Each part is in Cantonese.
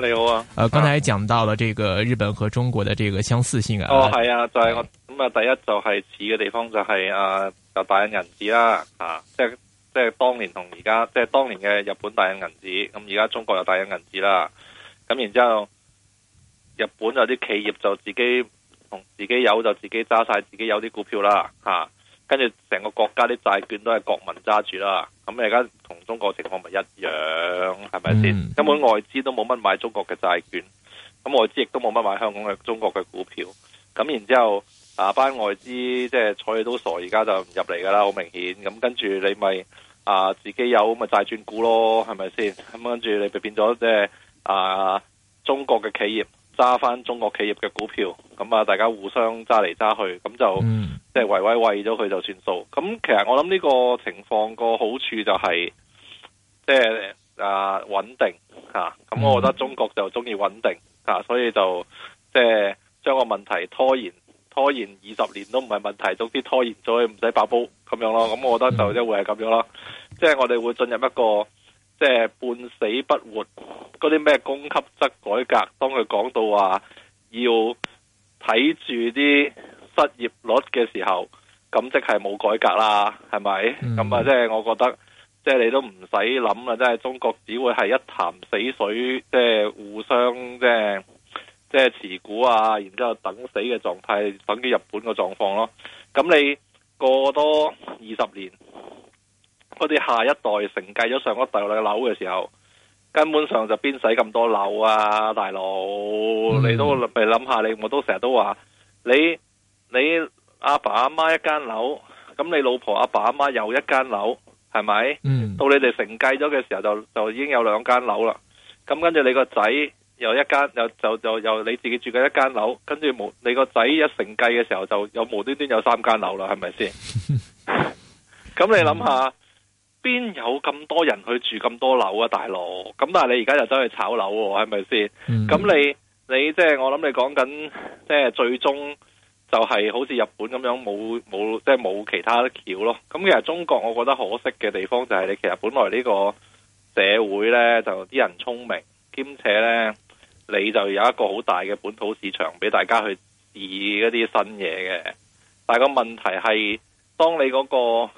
你好啊，誒、啊，剛才講到了這個日本和中國的這個相似性啊。啊哦，係啊，就係、是、我咁啊，第一就係似嘅地方就係、是、啊，就大印銀紙啦，吓、啊，即係即係當年同而家，即係當年嘅日本大印銀紙，咁而家中國又大印銀紙啦，咁、啊、然之後，日本有啲企業就自己同自己有就自己揸晒自,自己有啲股票啦，吓、啊。跟住成個國家啲債券都係國民揸住啦，咁你而家同中國情況咪一樣，係咪先？嗯、根本外資都冇乜買中國嘅債券，咁外資亦都冇乜買香港嘅中國嘅股票，咁然之後啊班外資即係睬佢都傻，而家就唔入嚟噶啦，好明顯。咁跟住你咪啊自己有咪債轉股咯，係咪先？咁跟住你咪變咗即係啊中國嘅企業。揸翻中國企業嘅股票，咁啊，大家互相揸嚟揸去，咁就、嗯、即係維維餵咗佢就算數。咁其實我諗呢個情況個好處就係、是，即係啊穩定吓。咁、啊、我覺得中國就中意穩定吓、啊，所以就即係將個問題拖延拖延二十年都唔係問題，總之拖延咗佢唔使爆煲咁樣咯。咁、嗯嗯、我覺得就即會係咁樣咯，即係我哋會進入一個即係半死不活。嗰啲咩供給側改革，當佢講到話要睇住啲失業率嘅時候，咁即係冇改革啦，係咪？咁啊、嗯，即係我覺得，即係你都唔使諗啦，即係中國只會係一潭死水，即係互相即係即係持股啊，然之後等死嘅狀態，等於日本嘅狀況咯。咁你過多二十年，嗰啲下一代承繼咗上一代嘅樓嘅時候。根本上就邊使咁多樓啊，大佬！你都咪諗下，你我都成日都話，你你阿爸阿媽一間樓，咁你老婆阿爸阿媽又一間樓，係咪？嗯，到你哋承繼咗嘅時候就，就就已經有兩間樓啦。咁跟住你個仔又一間，又就就又你自己住嘅一間樓，跟住冇你個仔一承繼嘅時候，就有無端端有三間樓啦，係咪先？咁你諗下。嗯邊有咁多人去住咁多樓啊，大佬？咁但係你而家就走去炒樓喎，哦，係咪先？咁，mm hmm. 你你即、就、係、是、我諗你講緊，即、就、係、是、最終就係好似日本咁樣，冇冇即係冇其他橋咯。咁其實中國我覺得可惜嘅地方就係你其實本來呢個社會呢，就啲人聰明，兼且呢，你就有一個好大嘅本土市場俾大家去試一啲新嘢嘅。但係個問題係當你嗰、那個。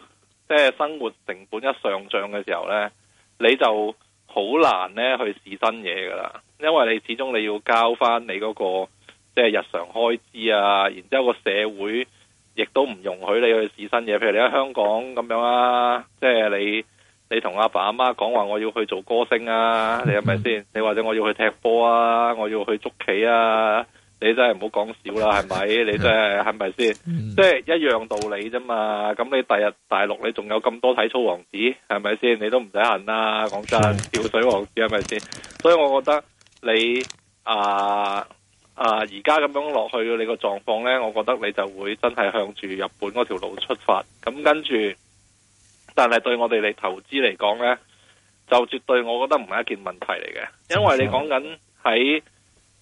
即係生活成本一上漲嘅時候呢，你就好難呢去試新嘢噶啦，因為你始終你要交翻你嗰個即係日常開支啊，然之後個社會亦都唔容許你去試新嘢。譬如你喺香港咁樣啊，即係你你同阿爸阿媽講話我要去做歌星啊，你係咪先？你或者我要去踢波啊，我要去捉棋啊。你真係唔好講少啦，係咪？你真係係咪先？ 即係一樣道理啫嘛。咁你第日大陸你仲有咁多體操王子，係咪先？你都唔使恨啦。講真，跳水王子係咪先？所以我覺得你啊啊而家咁樣落去你個狀況呢，我覺得你就會真係向住日本嗰條路出發。咁跟住，但係對我哋嚟投資嚟講呢，就絕對我覺得唔係一件問題嚟嘅，因為你講緊喺。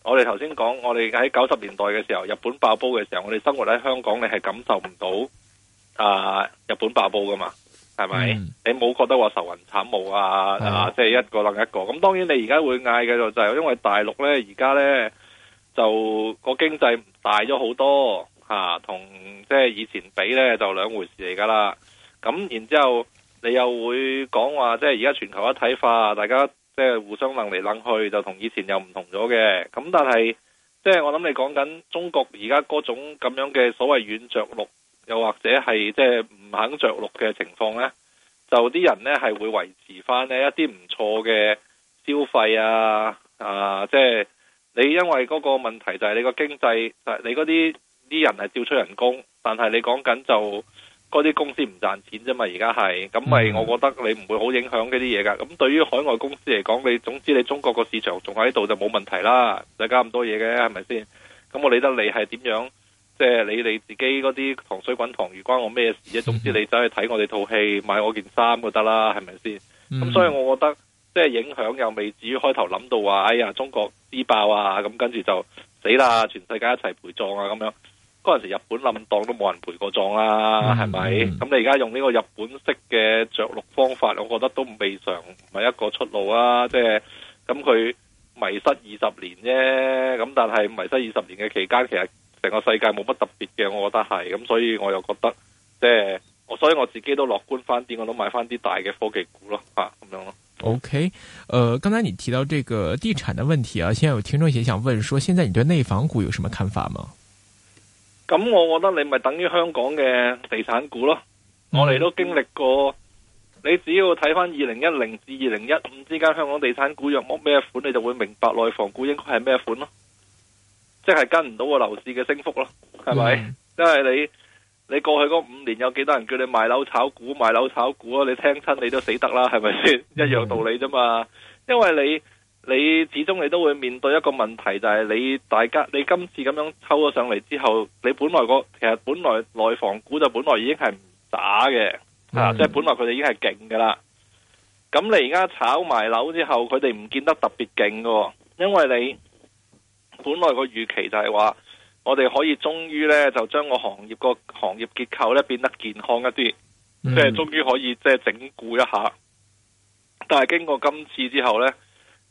我哋頭先講，我哋喺九十年代嘅時候，日本爆煲嘅時候，我哋生活喺香港，你係感受唔到啊日本爆煲噶嘛，係咪？嗯、你冇覺得話愁雲慘霧啊？嗯、啊，即係一個楞一個。咁當然你而家會嗌嘅就就係因為大陸咧，而家咧就個經濟大咗好多吓，同、啊、即係以前比咧就兩回事嚟噶啦。咁然之後你又會講話，即係而家全球一體化，大家。即係互相能嚟、能去，就同以前又唔同咗嘅。咁但係，即係我諗你講緊中國而家嗰種咁樣嘅所謂軟着陸，又或者係即係唔肯着陸嘅情況呢，就啲人呢係會維持翻咧一啲唔錯嘅消費啊啊！即係你因為嗰個問題就係你個經濟，你嗰啲啲人係調出人工，但係你講緊就。嗰啲公司唔賺錢啫嘛，而家係，咁咪、嗯、我覺得你唔會好影響嗰啲嘢噶。咁對於海外公司嚟講，你總之你中國個市場仲喺度就冇問題啦，唔使加咁多嘢嘅，係咪先？咁我理得你係點樣，即係你你自己嗰啲糖水滾糖魚，關我咩事啫？嗯、總之你走去睇我哋套戲，買我件衫就得啦，係咪先？咁、嗯、所以我覺得即係影響又未至於開頭諗到話，哎呀中國施爆啊，咁跟住就死啦，全世界一齊陪葬啊，咁樣。嗰陣時日本冧檔都冇人陪過葬啦，係咪、嗯？咁你而家用呢個日本式嘅着陸方法，我覺得都未嘗唔係一個出路啊！即係咁佢迷失二十年啫，咁但係迷失二十年嘅期間，其實成個世界冇乜特別嘅，我覺得係咁，所以我又覺得即係我所以我自己都樂觀翻啲，我都買翻啲大嘅科技股咯，吓、啊、咁樣咯。OK，誒、呃，剛才你提到這個地產的問題啊，現在有聽眾也想問說，現在你對內房股有什麼看法嗎？咁我我覺得你咪等於香港嘅地產股咯，我哋都經歷過，你只要睇翻二零一零至二零一五之間香港地產股若剝咩款，你就會明白內房股應該係咩款咯，即係跟唔到個樓市嘅升幅咯，係咪、嗯？因為你你過去嗰五年有幾多人叫你賣樓炒股，賣樓炒股啊？你聽親你都死得啦，係咪先？一樣道理啫嘛，因為你。你始終你都會面對一個問題，就係、是、你大家你今次咁樣抽咗上嚟之後，你本來個其實本來內房股就本來已經係唔打嘅，吓、mm hmm. 啊，即係本來佢哋已經係勁噶啦。咁你而家炒埋樓之後，佢哋唔見得特別勁嘅、哦，因為你本來個預期就係話，我哋可以終於呢，就將個行業個行業結構呢變得健康一啲，mm hmm. 即係終於可以即係整固一下。但係經過今次之後呢。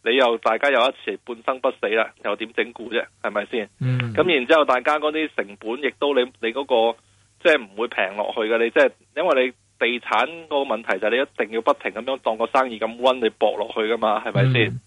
你又大家又一齊半生不死啦，又點整蠱啫？係咪先？咁、嗯、然之後大家嗰啲成本亦都你你嗰個即係唔會平落去噶，你即、那、係、個就是就是、因為你地產個問題就係你一定要不停咁樣當個生意咁溫你博落去噶嘛？係咪先？嗯、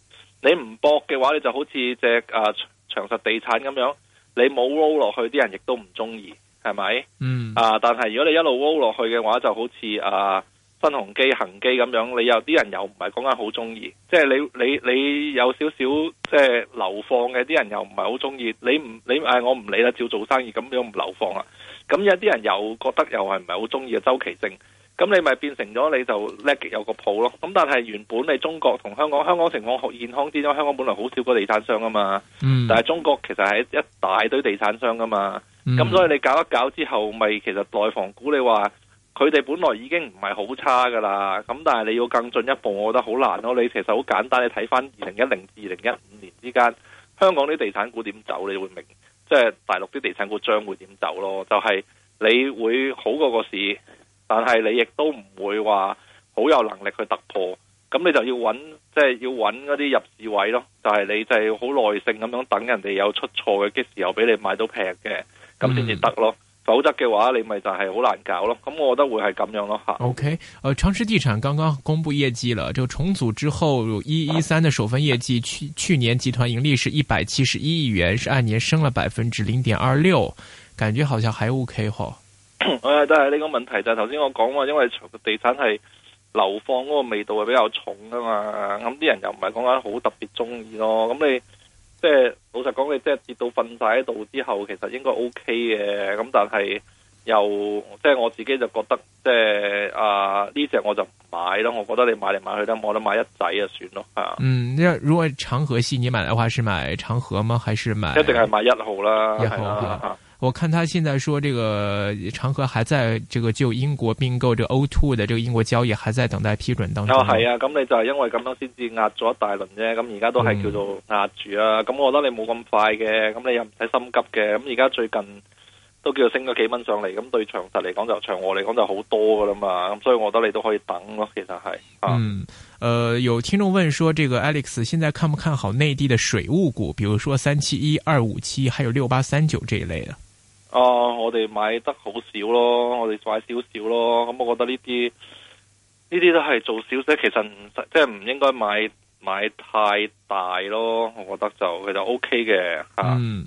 你唔博嘅話，你就好似隻啊長實地產咁樣，你冇 roll 落去啲人亦都唔中意，係咪？嗯啊，但係如果你一路 roll 落去嘅話，就好似啊。呃新鴻基、恒基咁樣，你有啲人又唔係講緊好中意，即係你你你有少少即係流放嘅，啲人又唔係好中意，你唔你誒、哎，我唔理啦，照做生意咁樣唔流放啦。咁有啲人又覺得又係唔係好中意嘅周期性，咁你咪變成咗你就叻有個鋪咯。咁但係原本你中國同香港，香港情況健康啲，因為香港本來好少個地產商啊嘛，嗯、但係中國其實係一大堆地產商噶嘛，咁、嗯、所以你搞一搞之後，咪、就是、其實內房股你話。佢哋本來已經唔係好差噶啦，咁但係你要更進一步，我覺得好難咯。你其實好簡單，你睇翻二零一零至二零一五年之間香港啲地產股點走，你會明，即係大陸啲地產股將會點走咯。就係你會好過個市，但係你亦都唔會話好有能力去突破。咁你就要揾，即係要揾嗰啲入市位咯。就係你就係好耐性咁樣等人哋有出錯嘅機會，又俾你買到平嘅，咁先至得咯。嗯否則嘅話，你咪就係好難搞咯。咁我覺得會係咁樣咯。OK，誒、呃，長實地產剛剛公布業績啦，就重組之後一一三嘅首份業績，去去年集團盈利是一百七十一億元，是按年升了百分之零點二六，感覺好像還 OK 嗬。誒、哎，但係呢個問題就係頭先我講話，因為地產係流放嗰個味道係比較重噶嘛，咁啲人又唔係講緊好特別中意咯，咁你。即係老實講，你即係跌到瞓晒喺度之後，其實應該 O K 嘅。咁但係又即係我自己就覺得，即係啊呢隻我就唔買咯。我覺得你買嚟買去咧，我都買一仔就算咯。啊嗯，那如果長河係你買嘅話，是買長河嗎？還是買？一定係買一號啦，一號。我看他現在說，這個長和還在這個就英國併購這個 O two 的這個英國交易，還在等待批准當中。哦，係啊，咁你就係因為咁樣先至壓咗一大輪啫，咁而家都係叫做壓住啊。咁我覺得你冇咁快嘅，咁你又唔使心急嘅。咁而家最近都叫升咗幾蚊上嚟，咁對長實嚟講就長和嚟講就好多噶啦嘛。咁所以我覺得你都可以等咯，其實係。嗯，誒、嗯呃，有聽眾問說，這個 Alex 現在看不看好內地的水務股，比如說三七一二五七，還有六八三九這一類的？哦，我哋買得好少咯，我哋買少少咯，咁我覺得呢啲呢啲都係做少少，其實唔使，即係唔應該買買太大咯，我覺得就其實 OK 嘅吓。啊嗯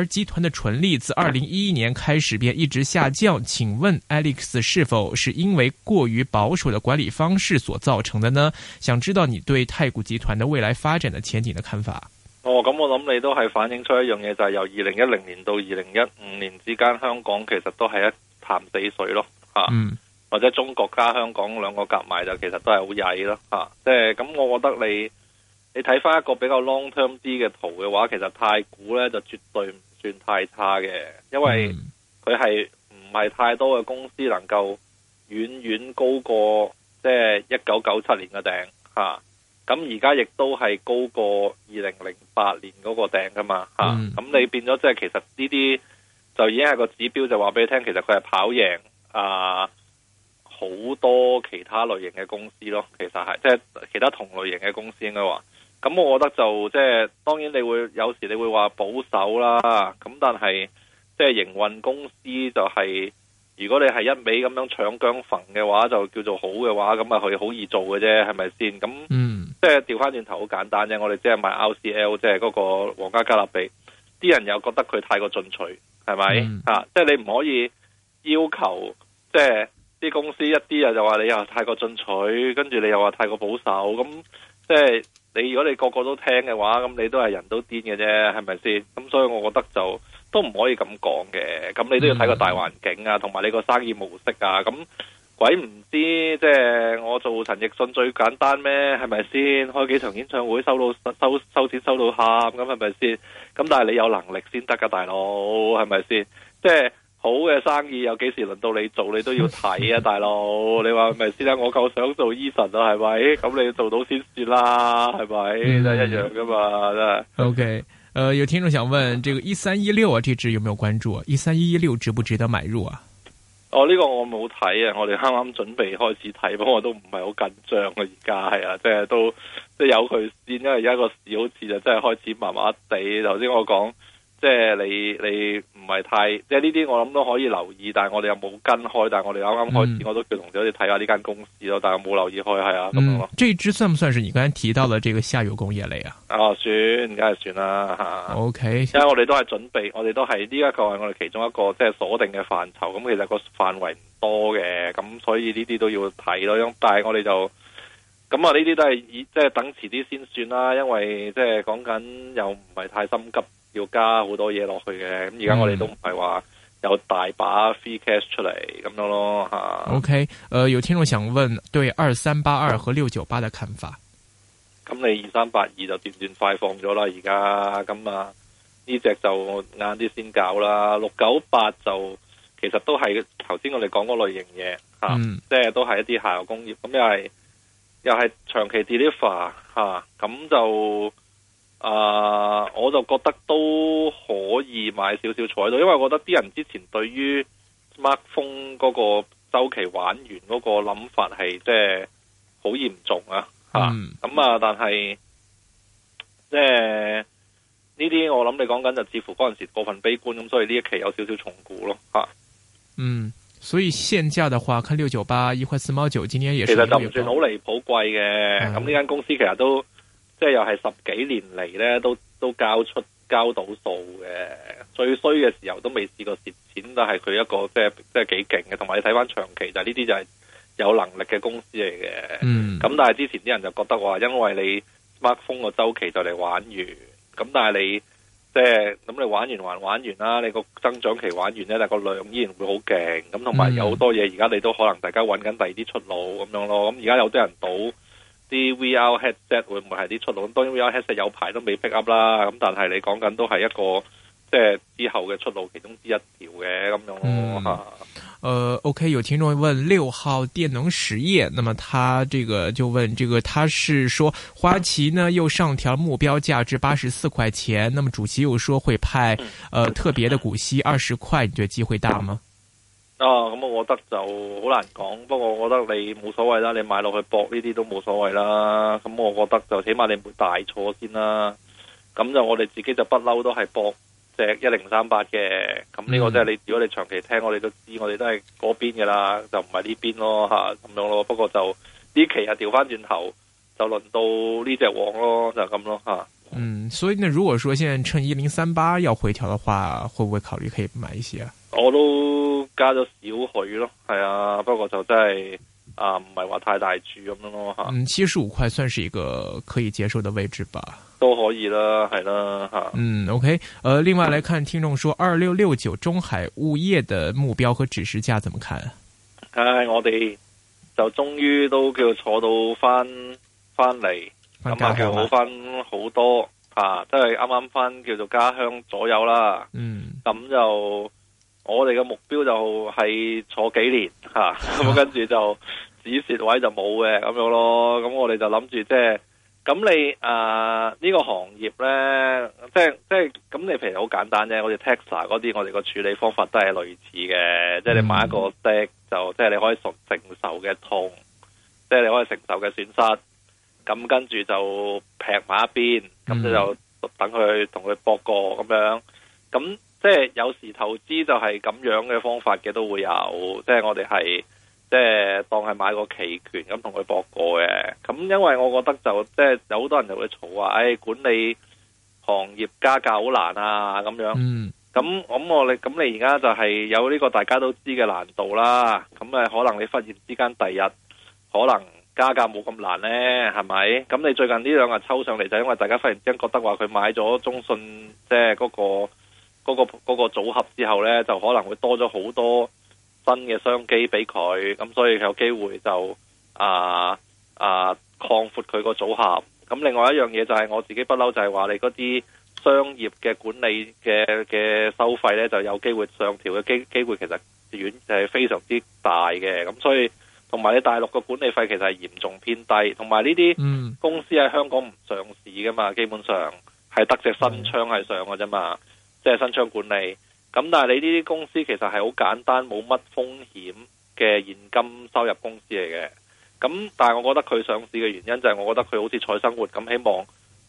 而集團的純利自二零一一年開始便一直下降，請問 Alex 是否是因為過於保守嘅管理方式所造成的呢？想知道你對太古集團的未來發展的前景的看法。哦，咁我諗你都係反映出一樣嘢，就係、是、由二零一零年到二零一五年之間，香港其實都係一潭死水咯，吓、啊，嗯、或者中國加香港兩個夾埋就其實都係好曳咯，吓、啊，即係咁，我覺得你你睇返一個比較 long term 啲嘅圖嘅話，其實太古咧就絕對唔。算太差嘅，因為佢係唔係太多嘅公司能夠遠遠高過即係一九九七年嘅頂吓，咁而家亦都係高過二零零八年嗰個頂噶嘛吓，咁、啊嗯嗯、你變咗即係其實呢啲就已經係個指標，就話俾你聽，其實佢係跑贏啊好、呃、多其他類型嘅公司咯，其實係即係其他同類型嘅公司應該話。咁我覺得就即係當然你會有時你會話保守啦，咁但係即係營運公司就係、是、如果你係一味咁樣搶薑墳嘅話，就叫做好嘅話，咁啊佢好易做嘅啫，係咪先？咁、嗯、即係調翻轉頭好簡單啫，我哋即係賣 RCL 即係嗰個皇家加勒比，啲人又覺得佢太過進取，係咪、嗯、啊？即係你唔可以要求即係啲公司一啲人就話你又太過進取，跟住你又話太過保守，咁即係。你如果你個個都聽嘅話，咁你都係人都癲嘅啫，係咪先？咁所以我覺得就都唔可以咁講嘅。咁你都要睇個大環境啊，同埋你個生意模式啊。咁鬼唔知，即係我做陳奕迅最簡單咩？係咪先開幾場演唱會，收，收到收收錢收到喊咁，係咪先？咁但係你有能力先得㗎，大佬係咪先？即係。就是好嘅生意有幾時輪到你做，你都要睇啊， 大佬！你話咪先啦，我夠想做醫生啦，係咪？咁你做到先算啦，係咪？一樣噶嘛，真係。OK，誒、呃，有聽眾想問，呢、這個一三一六啊，這支有冇有關注？一三一六值唔值得買入啊？哦，呢、這個我冇睇啊，我哋啱啱準備開始睇，我不過都唔係好緊張啊，而家係啊，即係都即係有佢先，因為而家個市好似就真係開始麻麻地。頭先我講。即係你你唔係太即係呢啲我諗都可以留意，但係我哋又冇跟開，但係我哋啱啱開始，我都叫同事去睇下呢間公司咯，嗯、但係冇留意開係啊，咁樣咯。嗯啊、這支算唔算是你剛才提到嘅這個下游工業嚟啊？哦，算，梗係算啦、啊、OK，因為我哋都係準備，我哋都係呢一個係我哋其中一個即係鎖定嘅範疇。咁、嗯、其實個範圍唔多嘅，咁、嗯、所以呢啲都要睇咯，但係我哋就咁啊，呢啲都係以即係等遲啲先算啦，因為即係講緊又唔係太心急。要加好多嘢落去嘅，咁而家我哋都唔係話有大把 free cash 出嚟，咁、嗯、樣咯吓。OK，誒、呃，有聽眾想問對二三八二和六九八嘅看法。咁、嗯嗯嗯、你二三八二就斷斷快放咗啦，而家咁啊呢隻、這個、就晏啲先搞啦。六九八就其實都係頭先我哋講嗰類型嘢吓、啊，即係都係一啲下游工業，咁、啊、又係又係長期 deliver 吓、啊，咁就。啊！Uh, 我就覺得都可以買少少彩度，因為我覺得啲人之前對於 Mac 風嗰個周期玩完嗰個諗法係即係好嚴重、嗯、啊，吓咁啊！嗯嗯嗯、但係即係呢啲我諗你講緊就似乎嗰陣時過分悲觀，咁所以呢一期有少少重估咯，吓、啊。嗯，所以現價嘅話，看六九八一塊四毛九，今年其實就唔算好離譜貴嘅，咁呢間公司其實都。即係又係十幾年嚟咧，都都交出交到數嘅。最衰嘅時候都未試過蝕錢，都係佢一個即係即係幾勁嘅。同埋你睇翻長期就係呢啲就係有能力嘅公司嚟嘅。嗯。咁但係之前啲人就覺得話，因為你 Mac 風個周期就嚟玩完，咁但係你即係咁你玩完還玩完啦，你個增長期玩完咧，但係個量依然會好勁。咁同埋有好多嘢，而家你都可能大家揾緊第二啲出路咁樣咯。咁而家有啲人賭。啲 VR headset 會唔會係啲出路？當然 VR headset 有排都未 pick up 啦，咁但係你講緊都係一個即係之後嘅出路其中之一條嘅咁樣咯。嗯，誒、呃，OK，有聽眾問六號電能實業，那麼他這個就問這個，他是說花旗呢又上調目標價值八十四塊錢，那麼主席又說會派誒、呃、特別的股息二十塊，你覺得機會大嗎？啊，咁我覺得就好難講。不過我覺得你冇所謂啦，你買落去搏呢啲都冇所謂啦。咁我覺得就起碼你唔會大錯先啦。咁就我哋自己就不嬲都係搏隻一零三八嘅。咁呢個即係你，如果你長期聽，我哋都知，我哋都係嗰邊噶啦，就唔係呢邊咯吓咁樣咯。不過就呢期啊調翻轉頭，就輪到呢隻王咯，就咁咯吓。嗯，所以呢，如果說現在趁一零三八要回調的話，會唔會考慮可以買一些、啊？我都、嗯。加咗少許咯，係啊，不過就真係啊，唔係話太大注咁樣咯吓。啊、嗯，七十五塊算是一個可以接受的位置吧？都可以啦，係啦吓。嗯，OK，呃，另外嚟看，聽眾說二六六九中海物業的目標和指示價怎麼看？唉、啊，我哋就終於都叫坐到翻翻嚟，咁咪好翻好多吓，都係啱啱翻叫做家鄉左右啦。嗯，咁就。我哋嘅目標就係坐幾年吓，咁跟住就止蝕位就冇嘅咁樣咯。咁我哋就諗住即係，咁你誒呢、呃這個行業咧，即係即係咁你譬如好簡單啫，我哋 taxa 嗰啲，我哋個處理方法都係類似嘅。即係你買一個跌，就即係你可以承承受嘅痛，即係你可以承受嘅損失。咁跟住就劈埋一邊，咁你就等佢同佢搏過咁樣，咁。即係有時投資就係咁樣嘅方法嘅，都會有。即係我哋係即係當係買個期權咁同佢博過嘅。咁因為我覺得就即係有好多人就會嘈話，誒、哎，管理行業加價好難啊，咁樣。咁咁、嗯、我哋，咁你而家就係有呢個大家都知嘅難度啦。咁啊，可能你忽然之間第日可能加價冇咁難咧，係咪？咁你最近呢兩日抽上嚟就因為大家忽然之間覺得話佢買咗中信，即係嗰、嗰個。嗰個嗰個組合之後呢，就可能會多咗好多新嘅商機俾佢，咁所以有機會就啊啊擴闊佢個組合。咁另外一樣嘢就係我自己不嬲，就係話你嗰啲商業嘅管理嘅嘅收費呢，就有機會上調嘅機機會其實遠係非常之大嘅。咁所以同埋你大陸嘅管理費其實係嚴重偏低，同埋呢啲公司喺香港唔上市噶嘛，基本上係得隻新槍係上噶啫嘛，即係新昌管理，咁但係你呢啲公司其實係好簡單，冇乜風險嘅現金收入公司嚟嘅。咁但係我覺得佢上市嘅原因就係，我覺得佢好似彩生活咁，希望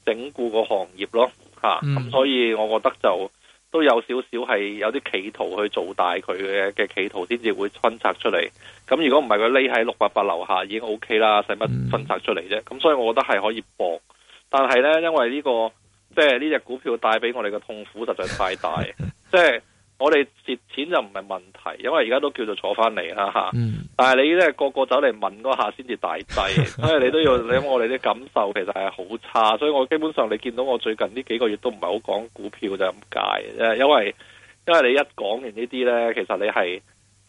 整固個行業咯，吓、嗯。咁、啊嗯、所以我覺得就都有少少係有啲企圖去做大佢嘅嘅企圖，先至會分拆出嚟。咁如果唔係佢匿喺六八八樓下，已經 O K 啦，使乜分拆出嚟啫？咁、嗯嗯、所以我覺得係可以搏，但係呢，因為呢、這個。即係呢隻股票帶俾我哋嘅痛苦實在太大， 即係我哋蝕錢就唔係問題，因為而家都叫做坐翻嚟啦吓。但係你咧個個走嚟問嗰下先至大劑，所以 你都要諗我哋啲感受，其實係好差。所以我基本上你見到我最近呢幾個月都唔係好講股票就咁解，因為因為你一講完呢啲呢，其實你係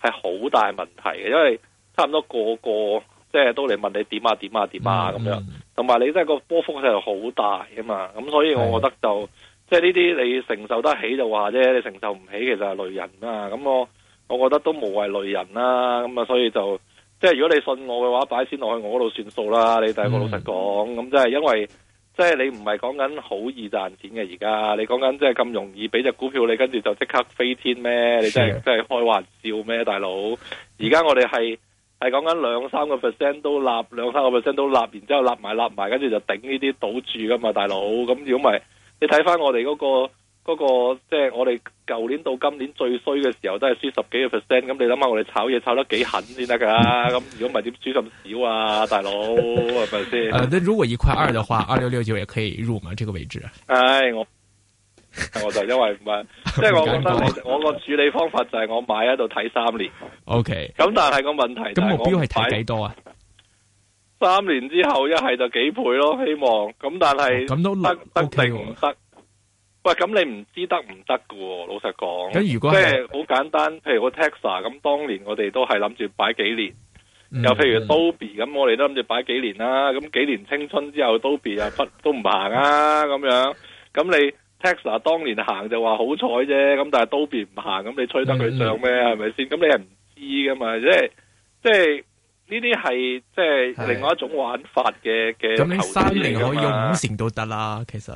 係好大問題嘅，因為差唔多個個即係都嚟問你點啊點啊點啊咁樣。 同埋你真係個波幅係好大啊嘛，咁所以我覺得就的即係呢啲你承受得起就話啫，你承受唔起其實係累人啊，咁我我覺得都無謂累人啦，咁啊所以就即係如果你信我嘅話，擺錢落去我嗰度算數啦，你第一個老實講，咁即係因為即係你唔係講緊好易賺錢嘅而家，你講緊即係咁容易俾隻股票你跟住就即刻飛天咩？你真係的真係開玩笑咩，大佬？而家我哋係。嗯係講緊兩三個 percent 都立，兩三個 percent 都立，然之後立埋立埋，跟住就頂呢啲賭注噶嘛，大佬。咁如果唔係，你睇翻我哋嗰個嗰個，即係我哋舊年到今年最衰嘅時候都係輸十幾個 percent。咁你諗下我哋炒嘢炒得幾狠先得噶？咁如果唔係點輸咁少啊，大佬係咪先？誒， 如果一塊二嘅話，二六六九也可以入嘛？呢個位置？係、哎、我。我就因為唔係，即係我覺得我個處理方法就係我買喺度睇三年。OK，咁但係個問題，咁目標係睇幾多啊？三年之後一係就幾倍咯，希望。咁但係咁都得得定唔得？喂，咁你唔知得唔得㗎？老實講，即係好簡單。譬如個 Texas 咁，當年我哋都係諗住擺幾年。又譬如 Dobby 咁，我哋都諗住擺幾年啦。咁幾年青春之後，Dobby 啊不都唔行啊？咁樣咁你？Texas 當年行就話好彩啫，咁但係都變唔行，咁你吹得佢上咩？係咪先？咁你係唔知㗎嘛？即係即係呢啲係即係另外一種玩法嘅嘅，咁你三成可以用五成都得啦，其實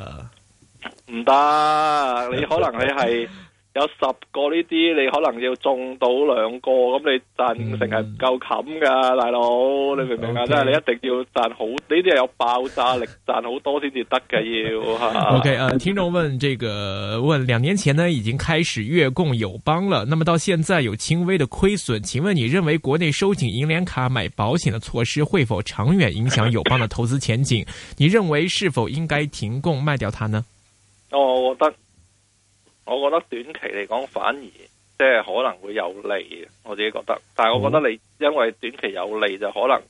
唔得，你可能你係。 有十個呢啲，你可能要中到兩個，咁你賺成係唔夠冚噶，嗯、大佬，你明唔明啊？即係 Okay. 你一定要賺好，呢啲係有爆炸力，賺好多先至得嘅要。哈哈 OK，誒、uh,，聽眾問這個，問兩年前呢已經開始月供友邦了，那麼到現在有輕微的虧損，請問你認為國內收緊銀聯卡買保險的措施會否長遠影響友邦的投資前景？ 你認為是否應該停供賣掉它呢？哦，我覺得。我覺得短期嚟講反而即係可能會有利嘅，我自己覺得。但係我覺得你因為短期有利就可能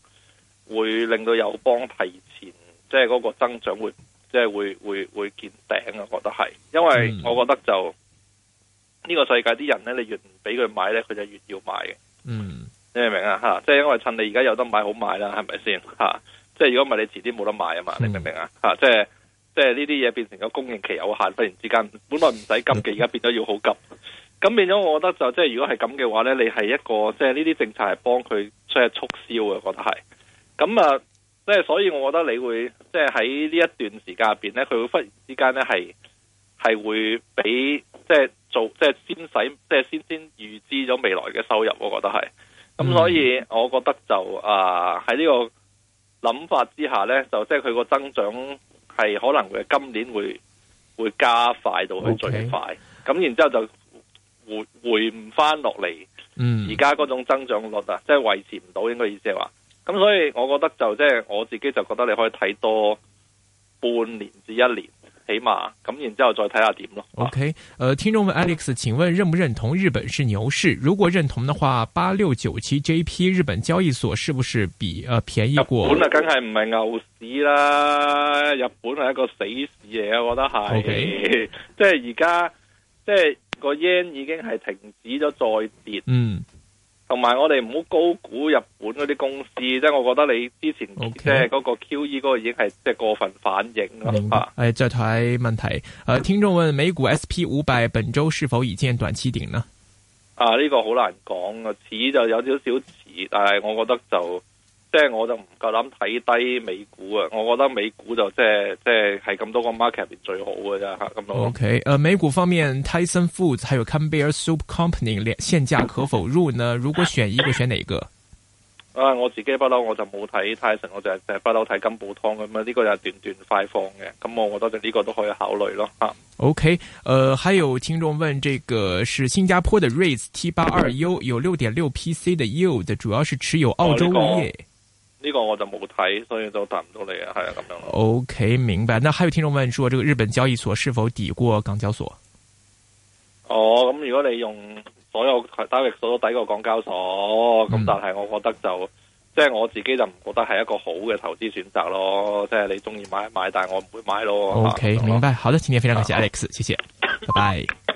會令到友邦提前即係嗰個增長會即係會會會見頂啊！我覺得係，因為我覺得就呢、呢個世界啲人咧，你越唔俾佢買咧，佢就越要買嘅。嗯，你明唔明啊？吓，即係因為趁你而家有得買好買啦，係咪先？吓，即係如果唔係你遲啲冇得買啊嘛？嗯、你明唔明啊？吓，即係。即係呢啲嘢變成咗供應期有限，忽然之間，本來唔使急嘅，而家變咗要好急。咁變咗，我覺得就即係如果係咁嘅話呢，你係一個即係呢啲政策係幫佢出嚟促銷啊，覺得係。咁啊，即係所以我覺得你會即係喺呢一段時間入邊呢，佢會忽然之間呢係係會俾即係做即係先使即係先先預支咗未來嘅收入，我覺得係。咁所以我覺得就啊喺呢個諗法之下呢，就即係佢個增長。係可能會今年會會加快到去最快，咁 Okay. 然之後就回回唔返落嚟，而家嗰種增長率啊，即係維持唔到，應該意思係話，咁所以我覺得就即係、就是、我自己就覺得你可以睇多。半年至一年，起碼咁，然之後再睇下點咯。OK，誒、呃，聽眾問 Alex，請問認唔認同日本是牛市？如果認同嘅話，八六九七 JP 日本交易所是不是比誒、呃、便宜過？日本啊，梗係唔係牛市啦，日本係一個死市嚟啊，我覺得係。OK。 即係而家，即係個 yen 已經係停止咗再跌。嗯。同埋我哋唔好高估日本嗰啲公司，即係我覺得你之前即係嗰個 QE 嗰個已經係即係過分反應咯吓。誒，再睇問題。誒，聽眾問：美股 SP 五百本週是否已見短期頂呢？啊，呢個好難講啊，似就有少少似，但係我覺得就。即係我就唔夠膽睇低美股啊！我覺得美股就即係即係係咁多個 market 入邊最好嘅啫。吓，咁 O K.，誒，美股方面，Tyson Foods 還有 Campbell Soup Company 現價可否入呢？如果選一個，選哪一個？啊、呃，我自己不嬲我就冇睇 Tyson，我就就不嬲睇金寶湯咁啊。呢、這個就短短快放嘅，咁我我覺得呢個都可以考慮咯。吓。O K.，誒，還有聽眾問，這個是新加坡的 REITs T 八二 U 有六點六 P C 的 yield，主要是持有澳洲物業。哦這個呢個我就冇睇，所以就答唔到你啊，係啊咁樣咯。OK，明白。那還有聽眾問說，說這個日本交易所是否抵過港交所？哦，咁如果你用所有交易所都抵過港交所，咁、嗯、但係我覺得就，即、就、係、是、我自己就唔覺得係一個好嘅投資選擇咯。即、就、係、是、你中意買一買，但係我唔會買咯。OK，明白。好的，今天非常感謝 Alex，謝謝，拜拜。